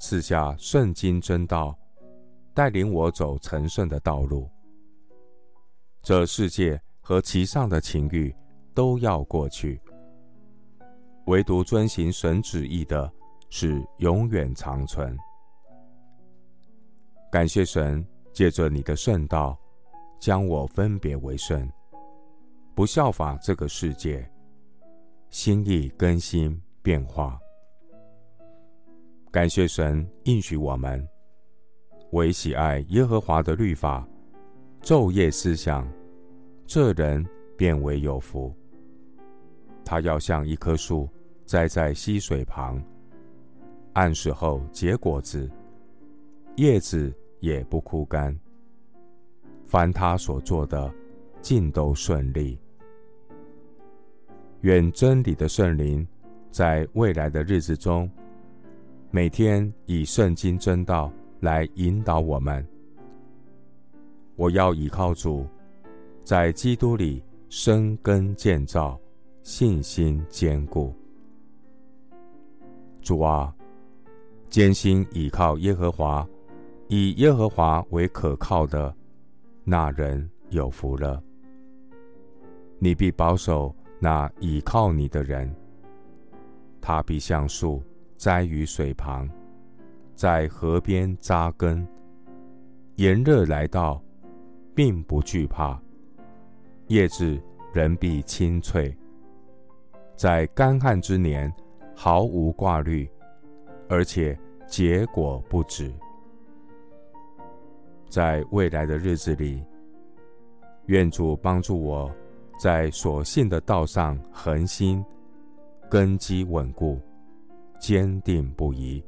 賜下聖經真道，帶領我走成聖的道路。這世界和其上的情欲都要過去，唯獨遵行神旨意的，是永遠長存。感謝神，借着你的聖道，將我分別為聖，不效法這個世界，心意更新變化。感謝神應許我們，惟喜愛耶和華的律法，晝夜思想，這人便為有福。他要像一棵樹栽在溪水旁，按時候結果子，葉子也不枯乾。凡他所做的，盡都順利。願真理的聖靈在未來的日子中。每天以聖經真道來引導我們。我要倚靠主在基督裡生根建造，信心堅固。主啊，艱辛倚靠耶和華，以耶和華為可靠的，那人有福了。你必保守那倚靠你的人，他必像樹。在於水旁，在河邊紮根。炎熱來到，並不懼怕；葉子仍比青翠。在乾旱之年，毫無掛慮，而且結果不止。在未來的日子裡，願主幫助我，在所信的道上恆心，根基穩固。堅定不移，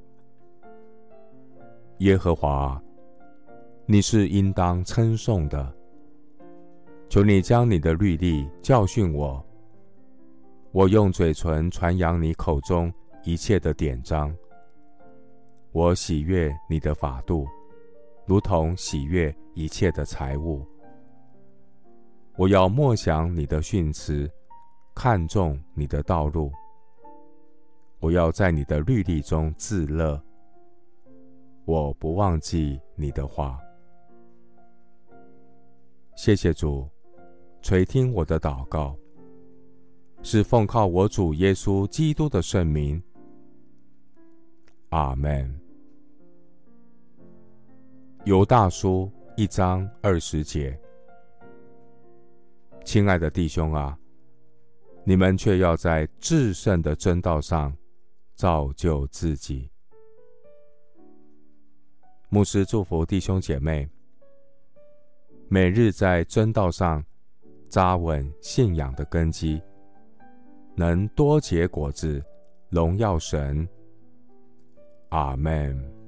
耶和華，你是應當稱頌的。求你將你的律例教訓我，我用嘴唇傳揚你口中一切的典章。我喜悅你的法度，如同喜悅一切的財物。我要默想你的訓詞，看重你的道路。我要在你的律例中自樂。我不忘記你的話。謝謝主垂聽我的禱告，是奉靠我主耶穌基督的聖名。阿門。猶大書一章二十節：親愛的弟兄啊，你們卻要在至聖的真道上。造就自己。牧師祝福弟兄姐妹，每日在真道上扎穩信仰的根基，能多結果子，榮耀神。阿門。